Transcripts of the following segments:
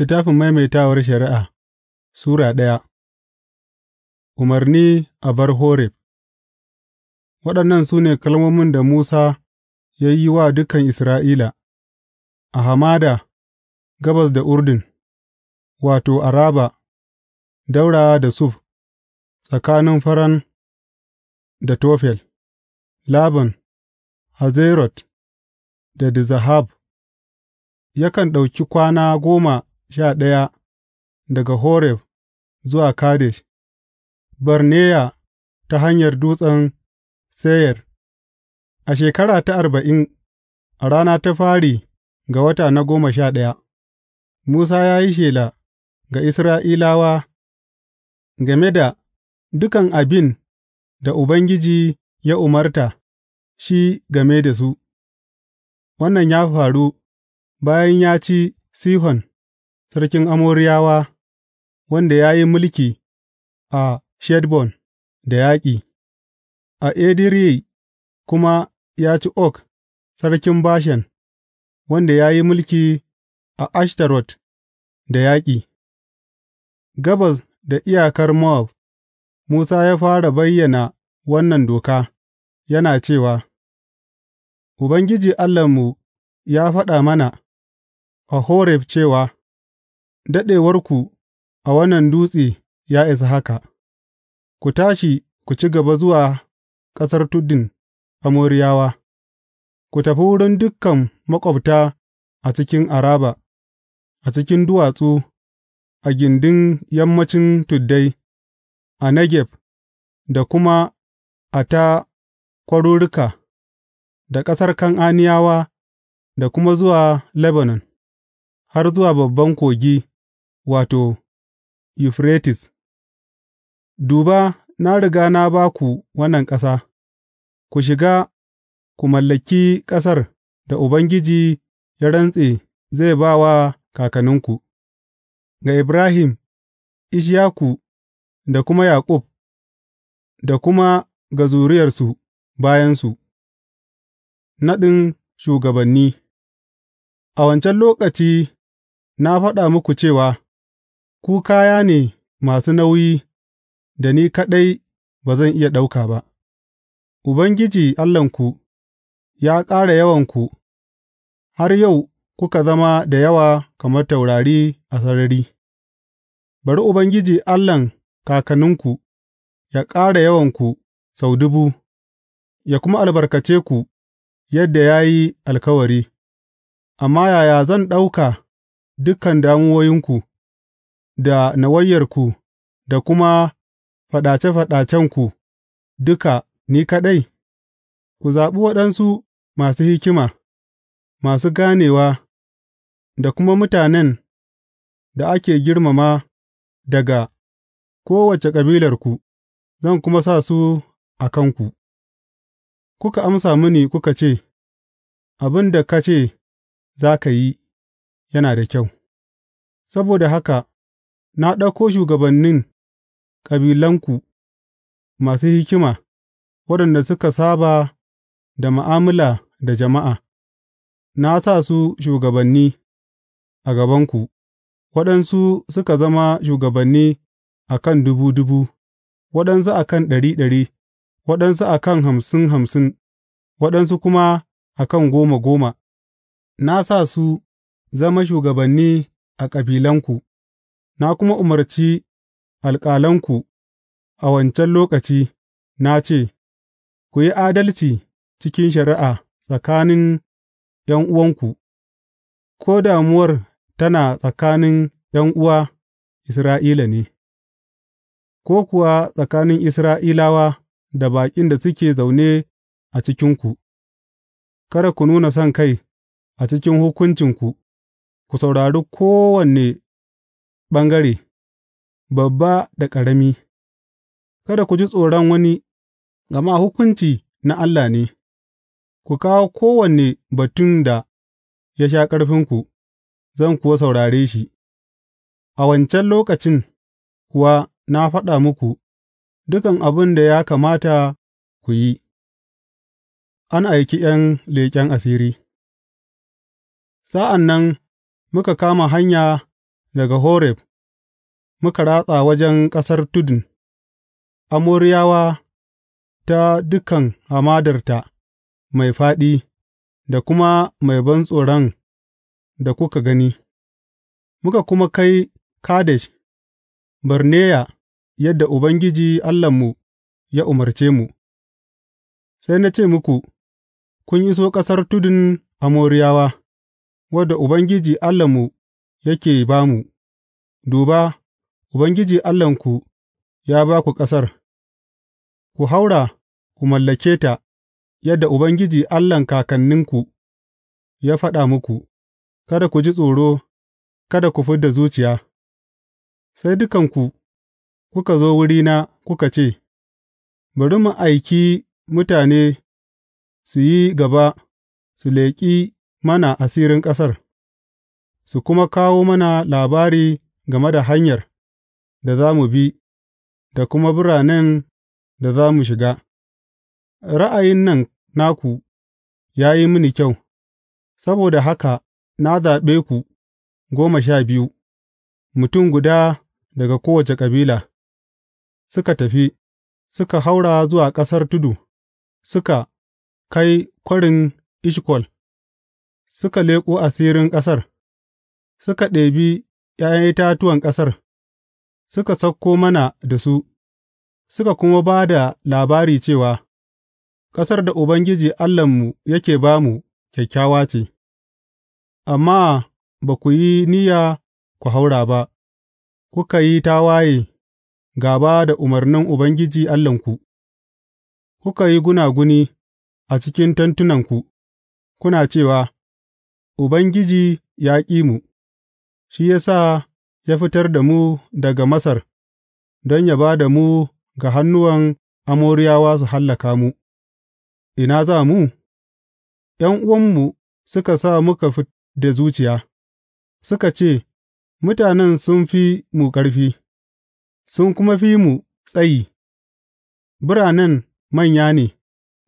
Littafin Maimaitawar Shari'a Sura ɗaya. Umarni a bar Horeb Waɗannan su ne kalmomin da Musa ya yi wa dukan Isra'ila, a hamada, gabas da Urdun, wato, Araba, daura da Suf, tsakanin Faran da Tofel, Laban, Hazerot da Dizahab, yakan ɗauki kwana goma sha ɗaya daga Horeb zuwa Kadesh, Barneya ta hanyar Dutsen Seyar, A shekara ta arba'in, a rana ta fari ga wata na goma sha ɗaya, Musa ya yi shela ga Isra'ilawa game da dukan abin da Ubangiji ya umarta shi game da su, wannan ya faru bayan ya ci Sihon. sarkin Amoriyawa, wanda ya yi mulki a Heshbon da yaƙi, a Edirei kuma ya ci ok sarkin Bashan, wanda ya yi mulki a Ashtarot da yaƙi, gabas da iyakar Mowab, Musa ya fara bayyana wannan doka, yana cewa, Ubangiji Allahnmu ya faɗa mana a Horeb cewa, Daɗewarku a wannan dutse ya isa haka; ku tashi ku ci gaba zuwa ƙasar tudun Amoriyawa, ku tafi wurin dukan maƙwabta a cikin Araba, a cikin duwatsu, a gindin Yammacin tuddai, a Negeb da kuma a ta kwaruruka, da ƙasar Kan'aniyawa da kuma zuwa Lebanon, har zuwa babban kogi. wato, yufretis Duba, na riga na ba ku wannan ƙasa, ku shiga, ku mallaki ƙasar da Ubangiji ya rantse zai ba wa kakanninku, ga Ibrahim, Ishaku da kuma Yaƙub, da kuma ga zuriyarsu bayansu. Naɗin shugabanni A wancan lokaci na faɗa muku cewa. Ku kaya ne masu nauyi da ni kaɗai ba zan iya ɗauka ba; Ubangiji Allahnku ya ƙara yawanku har yau kuka zama da yawa kamar taurari a sarari; bari Ubangiji Allahn kakanninku ya ƙara yawanku sau dubu, Ya kuma albarkace ku yadda ya yi alkawari, amma yaya zan ɗauka dukan damuwoyinku? da nawayarku da kuma faɗace faɗacenku duka ni kaɗai? Ku zaɓi waɗansu masu hikima, masu ganewa, da kuma mutanen da ake girmama daga kowace kabilarku, zan kuma sa su a kanku. Kuka amsa mini kuka ce, Abin da ka ce za ka yi, yana da kyau, saboda haka. Na ɗauko shugabannin kabilanku masu hikima, waɗanda suka saba da ma'amala da jama'a, na sa su shugabanni a gabanku, waɗansu suka zama shugabanni a kan dubu dubu, waɗansu a kan ɗari ɗari, waɗansu a kan hamsin hamsin, waɗansu kuma a kan goma goma, na sa su zama shugabanni a kabilanku. Na kuma umarci alƙalanku a wancan lokaci, na ce, Ku yi adalci cikin shari'a tsakanin ’yan'uwanku, ko damuwar tana tsakanin ’yan'uwa Isra'ila ne, ko kuwa tsakanin Isra'ilawa da baƙin da suke zaune a cikinku, kada ku nuna son kai a cikin hukuncinku, ku saurari kowane ɓangare, babba da ƙarami Kada ku ji tsoron wani, gama hukunci na Allah ne; ku kawo kowane batun da ya sha ƙarfinku, zan kuwa saurare shi, a wancan lokacin kuwa na faɗa muku dukan abin da ya kamata ku yi. An aiki ’yan leƙen asiri Sa'an nan muka kama hanya daga Horeb, muka ratsa wajen ƙasar tudun, Amoriyawa ta dukan hamadarta mai fāɗi da kuma mai bantsoron da kuka gani, muka kuma kai Kadesh, Barneya yadda Ubangiji Allahnmu ya umarce mu, sai na ce muku, Kun iso ƙasar tudun Amoriyawa, wadda Ubangiji Allahnmu. yake ba mu, Duba, Ubangiji Allahnku ya ba ku ƙasar, ku haura ku mallake ta yadda Ubangiji Allahn kakanninku ya faɗa muku, kada ku ji tsoro, kada ku fid da zuciya, sai dukanku kuka zo wurina kuka ce, Bari mu aiki mutane su yi gaba su leƙi mana asirin ƙasar. su kuma kawo mana labari game da hanyar da za mu bi da kuma biranen da za mu shiga, ra'ayin nan naku ya yi mini kyau, saboda haka na zaɓe ku goma sha biyu, mutum guda daga kowace kabila, suka tafi, suka haura zuwa ƙasar tudu, suka kai kwarin Ishkol, suka leƙo asirin ƙasar. Suka ɗebi ’ya'yan itatuwan ƙasar, suka sauko mana da su, suka kuma ba da labari cewa, Ƙasar da Ubangiji Allahnmu yake ba mu kyakkyawa ce, amma ba ku yi niyya ku haura ba, kuka yi tawaye gaba da umarnin Ubangiji Allahnku, kuka yi gunaguni a cikin tentunanku, kuna cewa, Ubangiji ya ƙi mu. shi ya sa ya fitar da mu daga Masar don yă ba da mu ga hannuwan Amoriyawa su hallaka mu, ina za mu? uwanmu suka sa muka fi da zuciya, suka ce, Mutanen sun fi mu ƙarfi, sun kuma fi mu tsayi, biranen manya ne,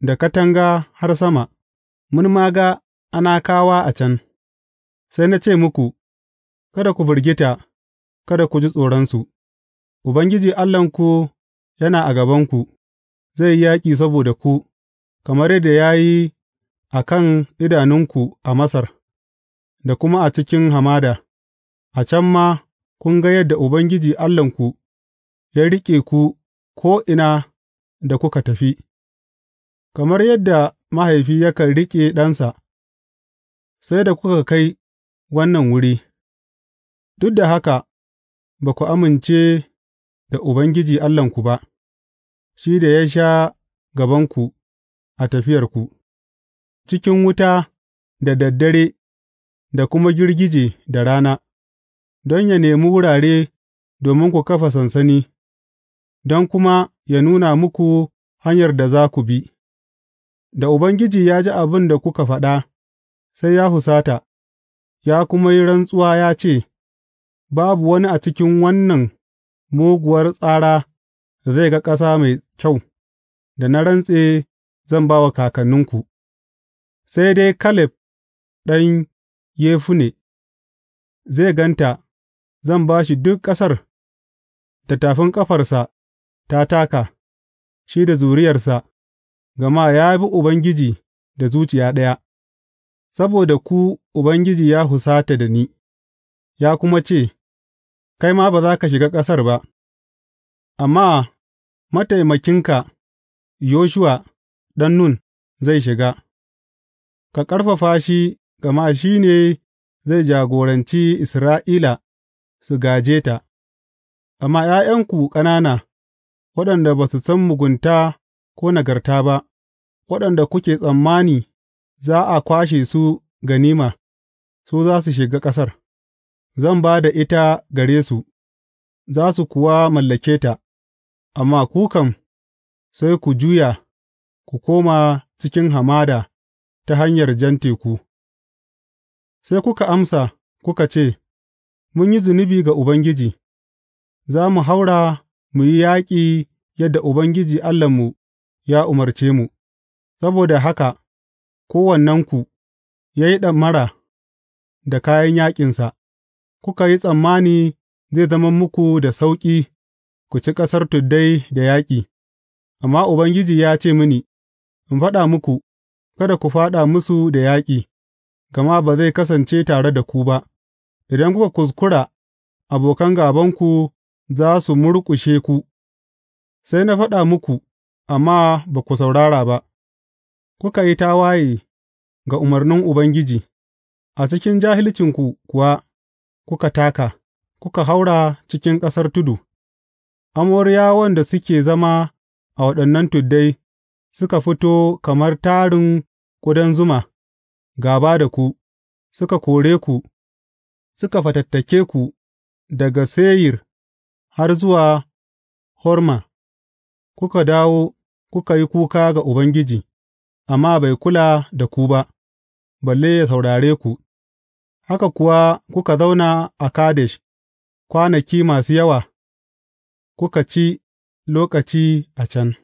da katanga har sama, mun ma ga Anakawa a can, sai na ce muku, Kada ku firgita, kada ku ji tsoronsu, Ubangiji Allahnku yana a gabanku, zai yi yaƙi saboda ku, kamar yadda ya yi a kan idanunku a Masar, da kuma a cikin hamada, a can ma kun ga yadda Ubangiji Allahnku ya riƙe ku ko'ina da kuka tafi, kamar yadda mahaifi yakan riƙe ɗansa, sai da kuka kai wannan wuri. Duk da haka ba ku amince da Ubangiji Allahnku ba, shi da ya sha gabanku a tafiyarku, cikin wuta da daddare da kuma girgije da rana, don ya nemi wurare domin ku kafa sansani, don kuma ya nuna muku hanyar da za ku bi, da Ubangiji ya ji abin da kuka faɗa, sai ya husata, ya kuma yi rantsuwa ya ce, Babu wani a cikin wannan muguwar tsara da zai ga ƙasa mai kyau da na rantse zan ba wa kakanninku, sai dai Kaleb ɗan Yefunne zai ganta zan ba shi duk ƙasar da tafin ƙafarsa ta taka, shi da zuriyarsa, gama ya bi Ubangiji da zuciya ɗaya, saboda ku Ubangiji ya husata da ni, ya kuma ce. kai ma ba za ka shiga ƙasar ba, amma mataimakinka Yoshuwa ɗan Nun zai shiga, ka ƙarfafa shi gama shi ne zai jagoranci Isra'ila su gaje ta, amma ’ya'yanku ƙanana, waɗanda ba su san mugunta ko nagarta ba, waɗanda kuke tsammani za a kwashe su ganima, su za su shiga ƙasar. zan ba da ita gare su, za su kuwa mallake ta, amma ku kam, sai ku juya ku koma cikin hamada ta hanyar Jan Teku. Sai kuka amsa, kuka ce, Mun yi zunubi ga Ubangiji, za mu haura mu yi yaƙi yadda Ubangiji Allahnmu ya umarce mu, saboda haka kowannenku ya yi ɗamara da kayan yaƙinsa. kuka yi tsammani zai zama muku da sauƙi ku ci ƙasar tuddai da yaƙi, amma Ubangiji ya ce mini, In faɗa muku, kada ku faɗa musu da yaƙi, gama ba zai kasance tare da ku ba, idan kuka kuskura, abokan gābanku za su murƙushe ku, sai na faɗa muku, amma ba ku saurara ba, kuka yi tawaye ga umarnin Ubangiji, a cikin jahilcinku kuwa. kuka taka, kuka haura cikin ƙasar tudu, Amoriyawan da suke zama a waɗannan tuddai suka fito kamar tarin ƙudan zuma gāba da ku, suka kore ku, suka fatattake ku daga Seyir har zuwa Horma, kuka dawo kuka yi kuka ga Ubangiji, amma bai kula da ku ba, balle ya saurare ku. haka kuwa kuka zauna a Kadesh kwanaki masu yawa, kuka ci lokaci a can.